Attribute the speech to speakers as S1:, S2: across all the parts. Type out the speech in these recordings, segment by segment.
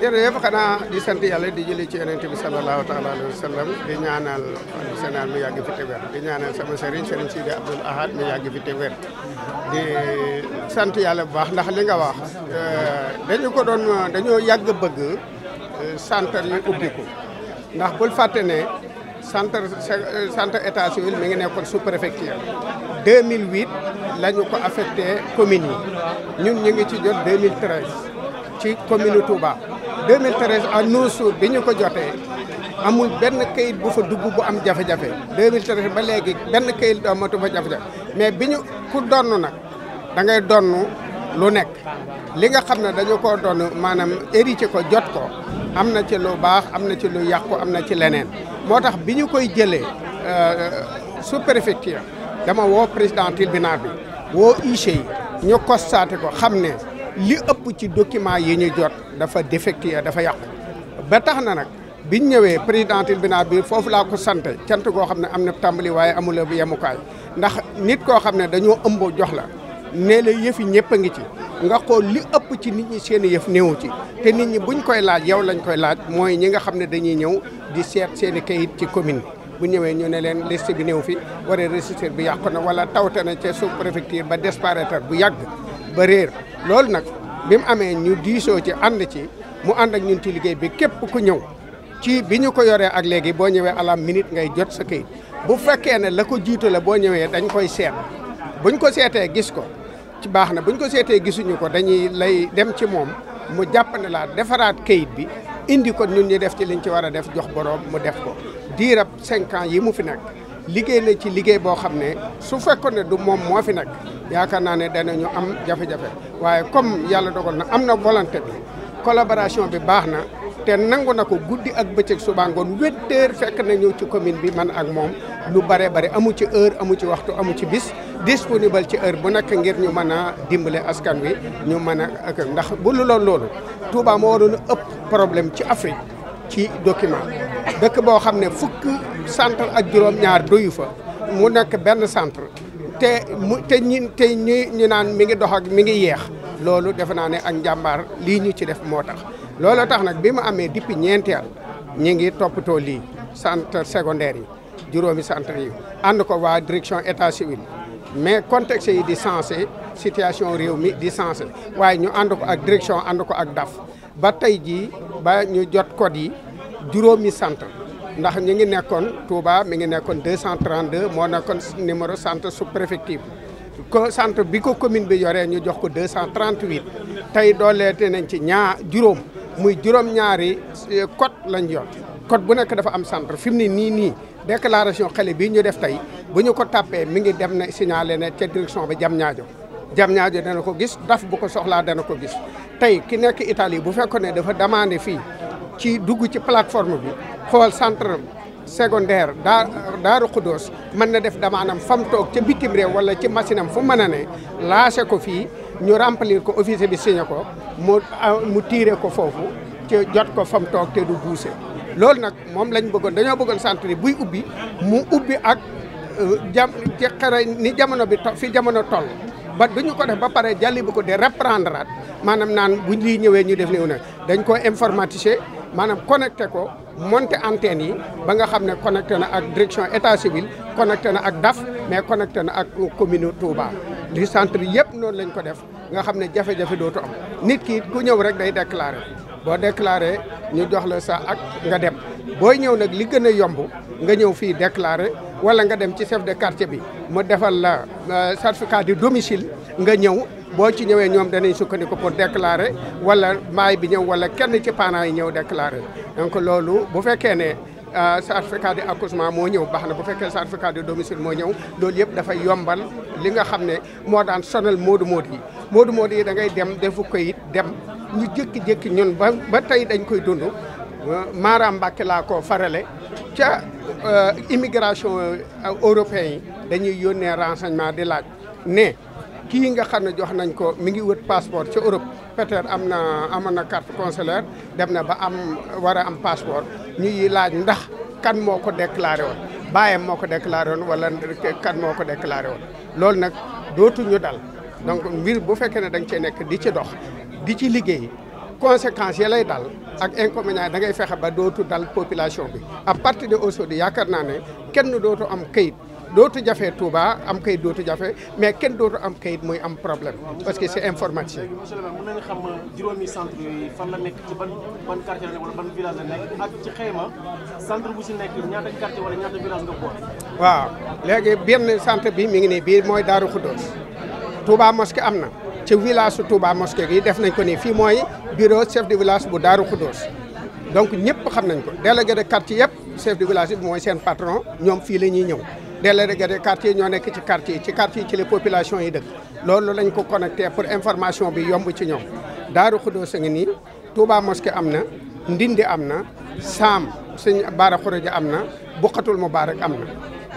S1: jërëjëf xanaa di sant yàlla di jëlee ci yonent bi sallallahu taala alayhi wa sallam di ñaanal xalifa général mi yàgg fi te wér di ñaanal sama sëriñ sëriñ Sidi Abdoul Ahad mi yàgg fi te di sant yàlla bu baax ndax li nga wax euh, dañu ko doon dañoo yàgg bëgg euh, centre yu ubbiku ndax bul fàtte ne centre centre état civil mi ngi nekkoon sous préfecture 2008 la ñu ko affecté communes ñun ñu ngi ci jot 2013 ci commune Touba 2013 à nos jours bi ñu ko jotee amuñ benn kayit bu fa dugg bu am jafe-jafe 2013 ba léegi benn kayit du amatu fa jafe-jafe mais bi ñu ku donnu nag da ngay donnu lu nekk li nga xam ne dañu ko donn maanaam hérité ko jot ko am na ci lu baax am na ci lu yàqu am na ci leneen moo tax bi ñu koy jëlee euh, sous-préfecture dama woo président tribunal bi woo huissier yi ñu constaté ko xam ne li ëpp ci document yi ñu jot dafa défectueux dafa yàqu ba tax na nag biñ ñëwee président tribunal biir foofu laa ko sant cant goo xam ne am na tàmbali waaye amuloo bu yemukaay ndax nit koo xam ne dañoo ëmb jox la nee la yëfi ñëpp a ngi ci nga xool li ëpp ci nit ñi seen yëf néewu ci te nit ñi buñ koy laaj yow lañ koy laaj mooy ñi nga xam ne dañuy ñëw di seet seen i kayit ci commune bu ñëwee ñu ne leen liste bi néew fi wala registre bi yàqu na wala tawte na ca sous préfecture ba disparaître bu yàgg ba réer loolu nag bi mu amee ñu diisoo ci ànd ci mu ànd ak ñun ci liggéey bi képp ku ñëw ci bi ñu ko yoree ak léegi boo ñëwee à la ngay jot sa këyit bu fekkee ne la ko jiitu boo ñëwee dañu koy seet buñ ko seetee gis ko ci baax na buñ ko seetee gisuñu ko dañuy lay dem ci moom mu jàpp laa defaraat këyit bi indi ko ñun ñu def ci liñ ci war a def jox boroom mu def ko diirab cinq ans yi mu fi nekk liggéey na ci liggéey boo xam ne su fekkoon ne du moom moo fi nekk yaakaar naa ne danañu am jafe-jafe waaye comme yàlla dogal na am na volonté bi collaboration bi baax na te nangu na ko guddi ak bëccëg suba ngoon huit fekk na ñëw ci commune bi man ak moom lu bare bare amu ci heure amu ci waxtu amu ci bis disponible ci heure bu nekk ngir ñu mën a dimbale askan wi ñu mën a ak ndax bu lu loon loolu Touba moo waroon ëpp problème ci Afrique ci document dëkk boo xam ne fukk fukki centre ak juróom-ñaar doyu fa mu nekk benn centre te mu te ñi te ñi ñu naan mi ngi dox mi ngi yeex loolu defe naa ne ak njàmbaar lii ñu ci def moo tax looloo tax nag bi mu amee depuis ñeenteel ñi ngi toppatoo lii centre secondaire yi juróomi centre yi ànd ko waa direction état civil mais contexte yi di sensé situation réew mi di sensé waaye ñu ànd ko ak direction ànd ko ak DAF ba tey jii ba ñu jot code yi juróomi centre ndax ñu ngi nekkoon Touba mi ngi nekkoon 232 moo nekkoon numéro centre su préfective ko centre bi ko commune bi yoree ñu jox ko 238 tey dooleete nañ ci ñaar juróom muy juróom-ñaari euh, code lañ yor code bu nekk dafa am centre fi mu ne nii nii déclaration xale bii ñu def tey bu ñu ko tàppee mi ngi dem na signalé ne ca direction ba jam ñaajo jam ñaajo dana ko gis daf bu ko soxlaa dana ko gis tey ki nekk Italie bu fekkoon ne dafa demandé fii ci dugg ci plateforme bi xool centre secondaire daa daaru Xuddoos mën na def damaanam fam toog ca bitim réew wala ci machine am fu mën a ne laase ko fii ñu remplir ko officier bi signé ko mu euh, mu tiire ko foofu ci jot ko fam toog te du buuse loolu nag moom lañ bëggoon dañoo bëggoon centre buy ubbi mu ubbi ak euh, jam ci xara ni jamono bi to fi jamono toll ba duñu ko def ba pare jàlli bu ko de reprendre at maanaam naan bu lii ñëwee ñu def léew nag dañ ko informatiser maanaam connecté ko monter antenne yi ba nga xam ne connecté na ak direction état civil connecté na ak DAF mais connecté na ak commune Touba di centre yëpp noonu lañ ko def nga xam ne jafe-jafe dootu am nit kiit ku ñëw rek day déclaré boo déclaré ñu jox la sa ak nga dem booy ñëw nag li gën a yomb nga ñëw fii déclaré wala nga dem ci chef de quartier bi mu defal la euh, certificat de domicile nga ñëw boo ci ñëwee ñoom danañ sukkandiku pour déclarer wala maay bi ñëw wala kenn ci parents yi ñëw déclarer donc loolu bu fekkee ne euh, certificat de accouchement moo ñëw baax na bu fekkee certificat de domicile moo ñëw loolu yëpp dafay yombal li nga xam ne moo daan sonal moodu moodu yi moodu moodu yi dem defu ko dem ñu jëkki jékki ñun ba ba tey dañ koy dund Mara Mbàkke laa ko farale ca euh, immigration euh, européen yi dañuy yónnee renseignement di laaj ne kii nga xam ne jox nañ ko mi ngi wët passeport ca Europe peut-être am na amoon na carte consulaire dem na ba am war a am passeport ñuy laaj ndax kan moo ko déclaré woon baayam moo ko déclaré woon wala kan moo ko déclaré woon loolu nag dootuñu dal donc mbir bu fekkee ne da cee nekk di ci dox di ci liggéey conséquences ya lay dal ak inconvénients da ngay fexe ba dootu dal population bi à partir de aujourd'hui yaakaar naa ne kenn dootu am kayit dootu jafe Touba am kayit dootu jafe mais kenn dootu am kayit muy am problème parce que c'est information monsieur le maire nañu xam euh, juróomi centre yooyu fan la nekk ci ban ban quartier la nekk wala ban xayma centre bu si nekk ñaata quartier wala ñaata village nga boole. waaw léegi benn centre bi mi ngi nii bii mooy Darou Khoudoss Touba mosquée am na ci village su Touba mosquée gi def nañ ko nii fii mooy bureau chef de village bu daaru Khoudoss. donc ñëpp xam nañ ko délégué de quartier yëpp chef de mooy seen patron ñoom fii la ñuy ñëw. délégués de quartier ñoo nekk ci quartier ci quartier ci les populations yi dëkk loolu lañ ko connecté pour information bi yomb ci ñoom Daaru Xudoos a ngi nii Touba mosquée am na Ndindi am na Saam sëñ Baara Xureja am na Buqatul Mubaarak am na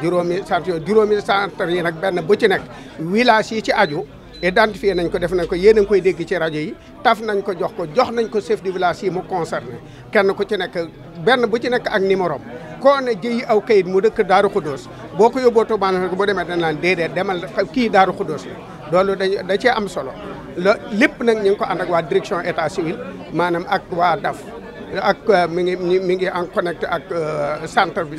S1: juróomi centre juróomi centre yi nag benn bu ci nekk village yi ci aju identifié nañ ko def nañ ko yéen a ngi koy dégg ci rajo yi taf nañ ko jox ko jox nañ ko chef de village yi mu concerné kenn ku ci nekk benn bu ci nekk ak numéro ne jëyi aw kayit mu dëkk Daaru Xuddoos boo ko yóbboo Tuubaa nag boo demee dañ naan déedéet demal kii Daaru Xuddoos la loolu dañ da cee am solo la lépp nag ñu ko ànd ak waa direction état civil maanaam ak waa DAF ak euh, mi ngi mi ngi en ak euh, centre bi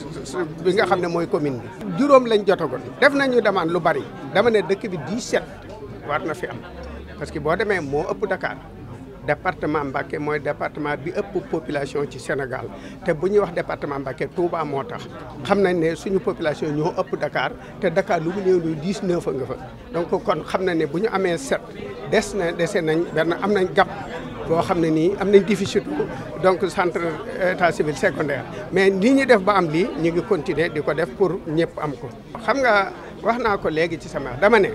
S1: bi nga xam ne mooy commune bi. juróom lañ jotagoon def nañu demande lu bari dama ne dëkk bi 17 war na fi am parce que boo demee moo ëpp Dakar. département Mbacké mooy département bi ëpp population ci Sénégal te bu ñuy wax département Mbacké Touba moo tax xam nañ ne suñu population ñoo ëpp dakaar te Dakar lu mu néew lu dix neuf nga fa donc kon xam na ne bu ñu amee set des na dese nañ benn am nañ gap boo xam ne nii am nañ déficit donc centre état civil secondaire mais nii ñu def ba am lii ñu ngi continuer di ko def pour ñëpp am ko xam nga wax naa ko léegi ci sama dama ne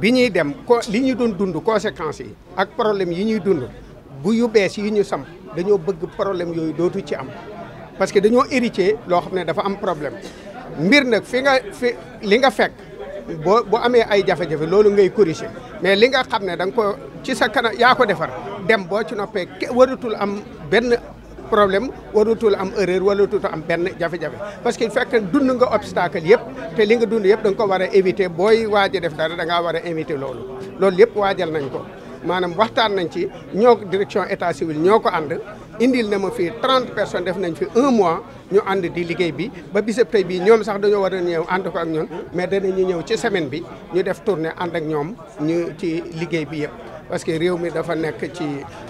S1: bi ñuy dem ko li ñu doon dund conséquences yi ak problème yi ñuy dund bu yu bees yi ñu samp dañoo bëgg problème yooyu dootu ci am parce que dañoo hérité loo xam ne dafa am problème mbir nag fi nga fi li nga fekk boo bu amee ay jafe-jafe loolu ngay corriger mais li nga xam ne da nga ko ci sa kanam yaa ko defar dem boo ci noppee waratul am benn problème warutul am erreur warutul am benn jafe-jafe parce que fekk dund nga obstacle yëpp te li nga dund yëpp da nga ko war a éviter booy waaj def dara da ngaa war a éviter loolu loolu yëpp waajal nañ ko maanaam waxtaan nañ ci ñoo direction état civil ñoo ko ànd indil na ma fii trente personnes def nañ fi un mois ñu ànd di liggéey bi ba bisab tey bii ñoom sax dañoo war a ñëw ànd ko ak ñoom mais ñu ñëw ci semaine bi ñu def tournée ànd ak ñoom ñu ci liggéey bi yëpp parce que réew mi dafa nekk ci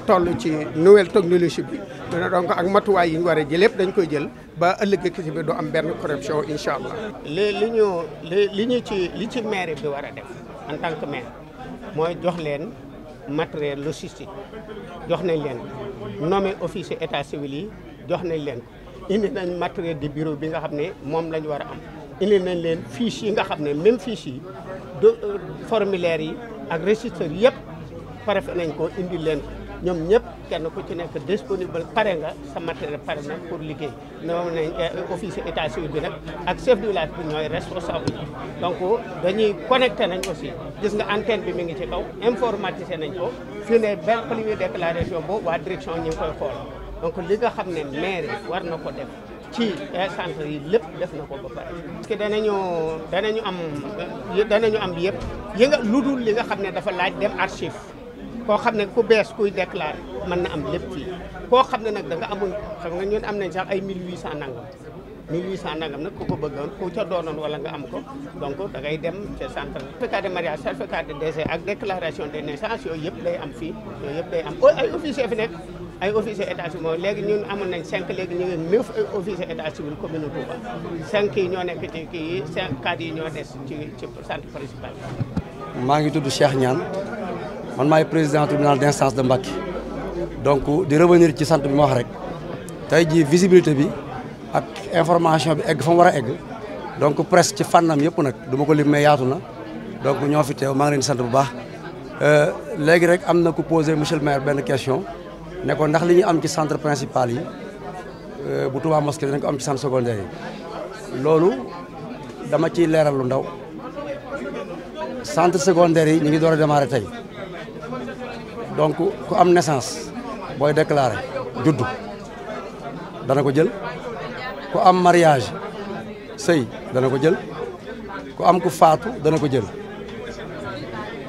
S1: toll ci nouvelle technologie bi dana donc ak matuwaay yi ñu war a jël lépp dañ koy jël ba ëllëg ci bi du am benn corruption incha allah. li li ñu li ñu ci li ci maire bi war a dem en tant que maire mooy jox leen matériel logistique jox nañ leen nommé officier état civil yi jox nañ leen indi nañ matériel de bureau bi nga xam ne moom la ñu war a am. indi nañ leen fiche yi nga xam ne même fiche yi de euh, yi ak registre yëpp. pare nañ ko indi leen ko ñoom ñëpp kenn ku ci nekk disponible pare nga sa matériel pare na pour liggéey noonu nañ eh, officier état civil bi nag ak chef du village bi ñooy responsable yi dañuy connecté aussi gis nga antenne bi mi ngi ci kaw informatisé nañ ko fii ne benn premier déclaration boobu waa direction ñu ngi koy xool donc li nga xam ne maire war na ko def ci eh, centre yi lépp def na ko ba pare parce que danañu danañu am ñu am yëpp yi lu dul li nga xam ne dafa laaj dem archive koo xam ne ku bees kuy déclaré man na am lépp fi koo xam ne nag da nga xam nga ñun am nañ sax ay 1800 nangam 1800 nangam nag ku ko bëggoon ku ca doonoon wala nga am ko donc da ngay dem ca centre certificat de mariage certificat de décès ak déclaration de naissance yooyu yëpp day am fii yooyu yëpp day am ay officier fi nekk ay officier état civil léegi ñun amoon nañ cinq léegi ñu ngi neuf ay officier état civil commune Touba cinq yi ñoo nekk ci kii yi cinq cadres yi ñoo des ci ci centre principal
S2: maa ngi tudd Cheikh Niane man maay président tribunal d'instance de Mbacké donc di revenir ci sant bi ma wax rek tey jii visibilité bi ak information bi egg fa mu war a egg donc presse ci fan fànnam yëpp nag du ma ko lim mais yaatu na donc ñoo fi teew maa ngi leen sant bu baax euh, léegi rek am na ku posé monsieur le benn question nekkoon ko ndax li ñu am ci centre principal yi euh, bu Touba mosquée dañ ko am ci centre secondaire yi loolu dama ciy leeral lu ndaw sant secondaire yi ñu ngi door a tey donc ku am naissance booy déclaré juddu dana ko jël ku am mariage sëy dana ko jël ku am ku faatu dana ko jël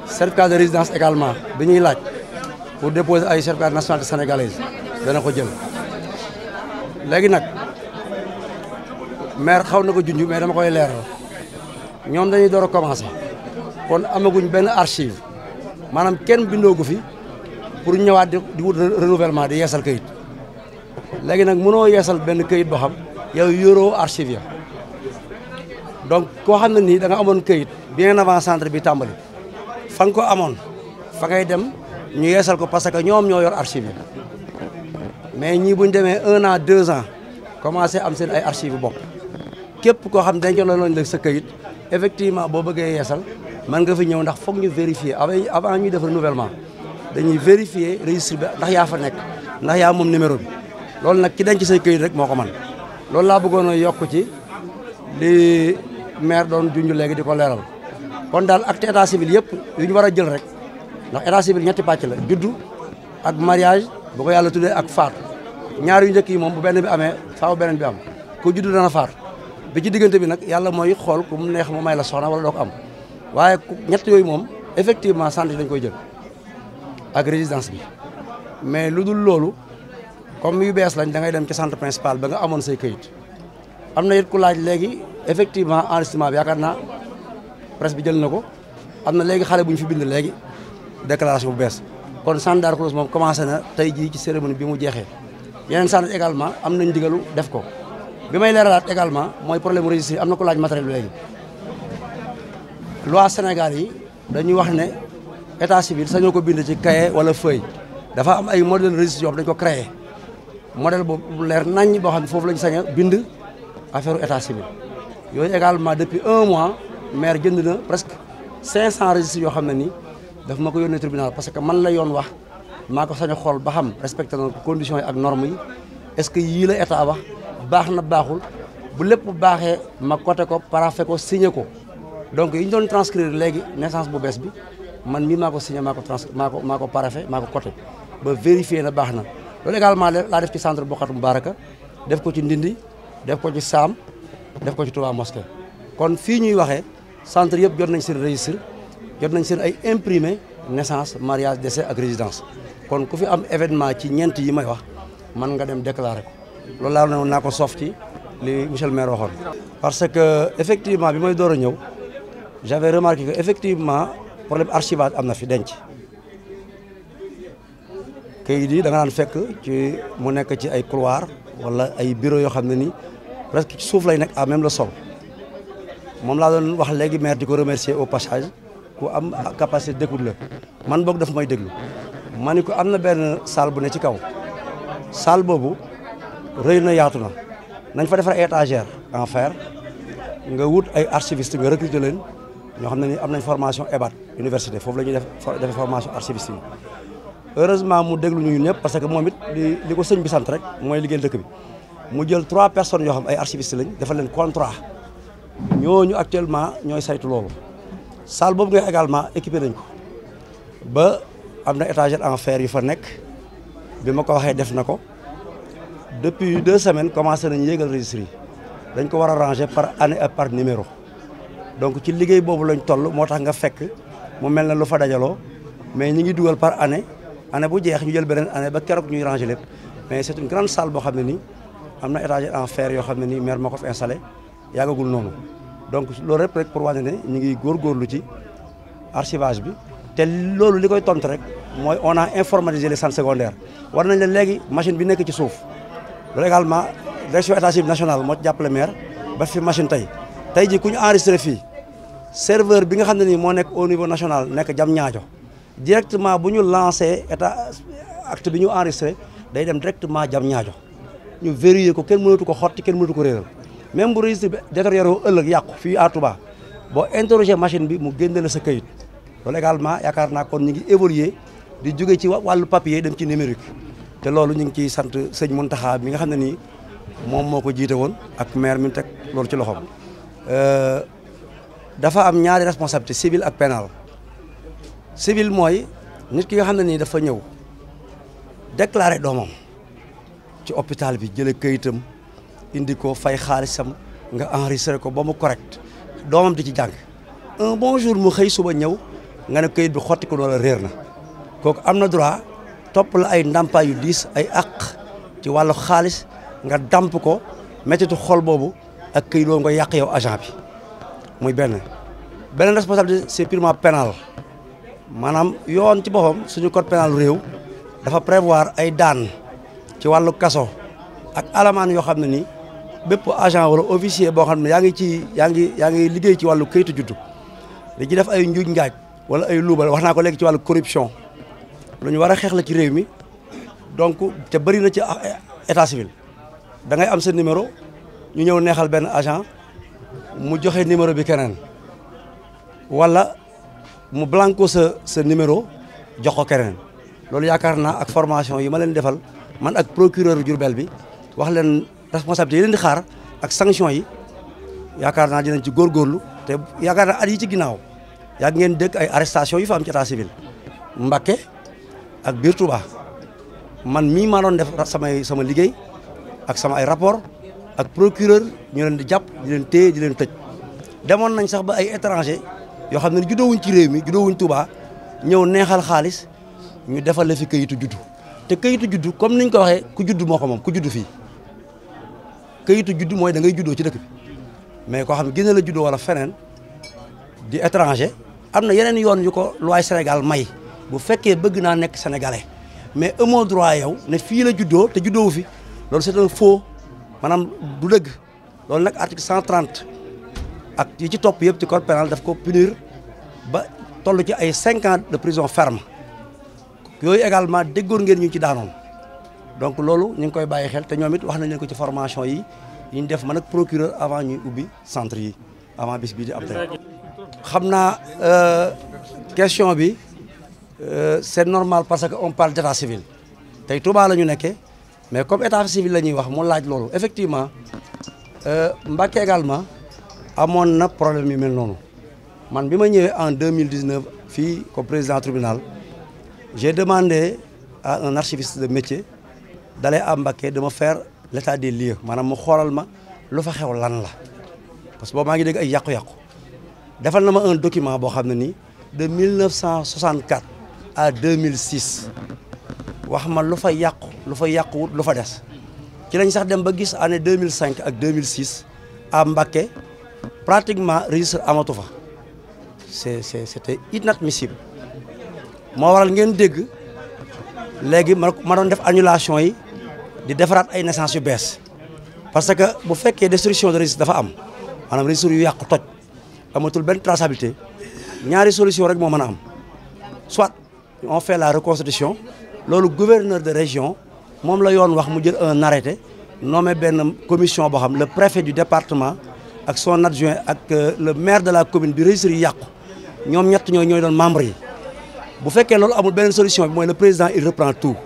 S2: certificat de résidence également bi ñuy laaj pour déposer ay certificat de nationalité sénégalaise dana ko jël léegi nag maire xaw na ko junj mais dama koy leeral ñoom dañuy door a commencé kon amaguñ benn archive maanaam kenn bindoogu fi pour ñëwaat di di wut renouvellement di yeesal kayit léegi nag mënoo yeesal benn kayit boo xam yow yoroo archive ya donc koo xam ne nii da nga amoon kayit bien avant centre bi tàmbali fa nga ko amoon fa ngay dem ñu yeesal ko parce que ñoom ñoo yor archive yi mais ñii bu demee un an deux ans commencé am seen ay archive bopp képp koo xam ne denc loolu la sa kayit effectivement boo bëggee yeesal mën nga fi ñëw ndax foog ñu vérifier avant avant ñuy def renouvellement dañuy vérifier registre bi ndax yaa fa nekk ndax yaa moom numéro bi loolu nag ki denc say këyit rek moo ko man loolu laa bëggoon a ci li maire doon junj léegi di ko leeral kon daal acte état civil yëpp yu ñu war a jël rek ndax état ñetti pàcc la juddu ak mariage bu ko yàlla tuddee ak faatu ñaari yu njëkk yi moom bu benn bi amee faaw beneen bi am ku juddu dana faatu bi ci diggante bi nag yàlla mooy xool ku mu neex mu may la soxna wala doo ko am waaye ñett yooyu moom effectivement santé dañ koy jël ak résidence bi mais lu dul loolu comme yu bees lañ da ngay dem ci centre principal ba nga amoon say këyit am na it ku laaj léegi effectivement enregistrement bi yaakaar naa presse bi jël na ko am na léegi xale bu ñu fi bind léegi déclaration bu bees kon centre Darou Khoudoss moom commencé na tey jii ci cérémonie bi mu jeexee yeneen centre également am nañ digalu def ko bi may leeralaat également mooy problème registre am na ku laaj matériel léegi loi Sénégal état civil sañoo ko bind ci cahier wala feuille dafa am ay modèle registre yoo xam dañ ko créé modèle boobu leer nañ boo xam ne foofu lañ sañ a bind affaire état civil yooyu également depuis un mois maire jënd na presque cinq cent registres yoo xam ne nii daf ma ko yónnee tribunal parce que man la yoon wax maa ko sañ a xool ba xam respecté na conditions yi ak normes yi est-ce que yii la état wax baax na baaxul bu lépp baaxee ma coté ko paraphé ko signé ko donc yi ñu doon léegi naissance bu bees bi man mii maa ko signé maa ko coté ba vérifié na baax na loolu également laa def ci centre Bokkatou Mbaraka def ko ci Ndindi def ko ci Saam def ko ci Touba Mosquée kon fii ñuy waxee centre yëpp jot nañ seen registre jot nañ seen ay imprimé naissance mariage décès ak résidence kon ku fi am événement ci ñeent yi may wax man nga dem déclarer ko loolu laa ne naa ko sof ci li monsieur le maire waxoon parce que effectivement bi may door a ñëw j'avais remarqué problème archivage am na fi denc kayit yi da nga daan fekk ci mu nekk ci ay couloir wala ay bureau yoo xam ne ni presque ci suuf lay nekk à même le sol moom laa doon wax léegi di ko remercier au passage ku am capacité d'écoute la man boog dafa may déglu ma ni ko am na benn salle bu ne ci kaw salle boobu rëy na yaatu na nañ fa defar étagère en fer nga wut ay archiviste nga recruter leen ñoo xam ne ni am nañ formation EBAT université foofu la ñuy def defee formation archiviste yi mu déglu ñu ñëpp parce que moom it li li ko sëñ bi sant rek mooy liggéey dëkk bi mu jël trois personnes yoo xam ay archivistes lañ defaleen leen contrat ñooñu actuellement ñooy saytu loolu salle boobu nga également équipé nañ ko ba am na étagère en fer yu fa nekk bi ma ko waxee def na ko depuis deux semaines commencé nañ yéegal registre dañ ko war a ranger par année ak par numéro donc ci liggéey boobu lañ toll moo tax nga fekk mu mel na lu fa dajaloo mais ñi ngi dugal par année anne bu jeex ñu jël beneen année ba keroog ñu ranger lépp mais c'est une grande salle boo xam ne ni am na étagère en fer yoo xam ne nii maire moo ko fi installé yàggagul noonu donc loolu rek rek pour wane ne ñu ngi góorgóorlu ci archivage bi te loolu li koy tontu rek mooy on a informatisé les centres secondaires war nañ la léegi machine bi nekk ci suuf loolu également direction état moo jàppale maire ba fi tey tey ji ku ñu fii serveur bi nga xam ne nii moo nekk au niveau national nekk jam ñaajo directement bu ñu lancé état acte bi ñu enregistré day dem directement jam ñaajo ñu vérifier ko kenn mënatu ko xotti kenn mënatu ko réeral même bu registre bi détérioré wu ëllëg yàqu fii à Touba boo interroger machine bi mu génne la sa kayit loolu également yaakaar naa kon ñu ngi évoluer di jóge ci wàllu papier dem ci numérique te loolu ñu ngi ciy sant sëñ Mountakha mi nga xam ne nii moom moo ko jiite woon ak maire mi teg loolu ci loxoom euh, dafa am ñaari responsabilité civile ak pénal civile mooy nit ki nga xam ne nii dafa ñëw déclaré doomam ci hôpital bi jëlee këyitam indi ko fay xaalisam nga enregistré ko ba mu correct doomam di ci jàng un bon mu xëy suba ñëw nga ne këyit bi xotti ko wala réer na kooku am na droit topp la ay ndàmpaay yu diis ay àq ci wàllu xaalis nga damp ko méttitu xol boobu ak këyit boobu nga yàq yow agent bi muy benn beneen responsabilité c'est purement pénal maanaam yoon ci boppam suñu code pénal réew dafa prévoir ay daan ci wàllu kaso ak alamaan yoo xam ne ni bépp agent wala officier boo xam ne yaa ngi ci yaa ngi yaa ngi liggéey ci wàllu kayitu juddu da ci def ay njuuj ngaaj wala ay luubal wax naa ko léegi ci wàllu corruption lu ñu war a xeex la ci réew mi donc te bëri na ci état civil da ngay am sa numéro ñu ñëw neexal benn agent mu joxe numéro bi keneen wala mu blanco sa sa numéro jox ko keneen loolu yaakaar naa ak formation yi ma leen defal man ak procureur Diourbel bi wax leen responsabilité yi leen di xaar ak sanction yi yaakaar naa dinañ ci góorgóorlu te yaakaar naa at yi ci ginnaaw yàgg ngeen dëkk ay arrestation yu fa am ci état civil Mbacké ak biir Touba man mii maa def samay sama liggéey ak sama ay rapport ak procureur ñu leen di jàpp di leen téye di leen tëj demoon nañ sax ba ay étranger yoo xam ne juddoo wuñ ci réew mi juddoo wuñ Touba ñëw neexal xaalis ñu defal la fi këyitu juddu te kayitu juddu comme niñ ko waxee ku juddu moo ko moom ku juddu fii këyitu juddu mooy da ngay juddoo ci dëkk mais koo xam ne Guinée la juddoo wala feneen di étranger am na yeneen yoon yu ko loi Sénégal may bu fekkee bëgg naa nekk sénégalais mais amoo droit yow ne fii la juddoo te juddoowu maanaam du dëgg loolu nag article 130 ak yi ci topp yëpp ci code pénal daf ko punir ba toll ci ay cinq ans de prison ferme yooyu également déggoon ngeen ñu ci daanoon donc loolu ñu ngi koy bàyyi xel te ñoom it wax nañ leen ko ci formation yi yi ñu def ma nag procureur avant ñuy ubbi centre yi avant bis bii di am tey xam naa euh, question bi euh, c'est normal parce que on parle d'état civil tey Touba la ñu nekkee mais comme état civil la ñuy wax mu laaj loolu effectivement euh, Mbacké également amoon na problème yu mel noonu man bi ma ñëwee en 2019 fii comme président tribunal j'ai demandé à un archiviste de métier d'aller à Mbacké de me faire l'état des lieux maanaam mu xoolal ma lu fa xew lan la parce que boobu maa ngi dégg ay yàqu-yàqu defal na ma un document boo xam ne nii de 1964 à 2006 wax ma lu fa yàqu lu fa yàquwut lu fa des ci lañ sax dem ba gis année 2005 ak 2006 à Mbacké pratiquement registre amatu fa c'est c'est c'était inadmissible moo waral ngeen dégg léegi ma ma doon def annulation yi di defaraat ay naissance yu bees parce que bu fekkee destruction de registre dafa am maanaam registre yu yàqu toj amatul benn traçabilité ñaari solution rek moo mën a am soit on fait la reconstitution loolu gouverneur de région moom la yoon wax mu jël un arrêté nommé benn commission boo xam le préfet du département ak son adjoint ak euh, le maire de la commune bi registre yi yàqu ñoom ñett ñooy ñooy doon membre yi bu fekkee loolu amul benn solution bi mooy le président il reprend tout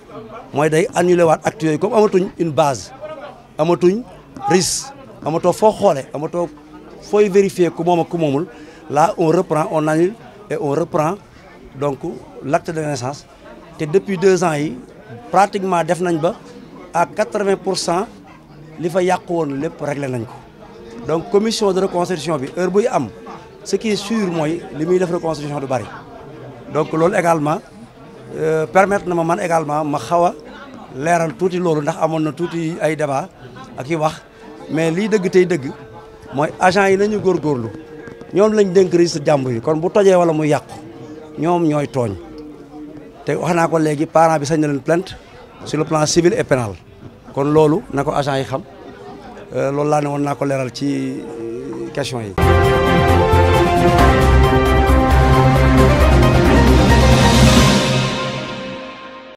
S2: mooy day annulé waat acte yooyu comme amatuñ une base amatuñ ris amatoo foo xoole amatoo fooy vérifier ku moom ak ku moomul la on reprend on annule et on reprend donc l'acte de naissance te depuis deux ans yi pratiquement def nañ ba à quatre-vingts pour cent li fa yàqu woon lépp réglé nañ ko donc commission de reconstruction bi heure buy am ce qui est mooy li muy def reconstruction du bari donc loolu également euh, permettre na ma man également ma xaw a leeral tuuti loolu ndax amoon na tuuti ay débat ak i wax mais lii dëgg tey dëgg mooy agent yi nañu góorlu ñoom lañ dénk registre jàmbur yi kon bu tojee wala mu yàqu ñoom ñooy tooñ te wax naa ko léegi parent bi sañ na leen plainte sur le plan civil et pénal kon loolu na ko agent yi xam euh, loolu laa ne woon naa ko leeral ci euh, question yi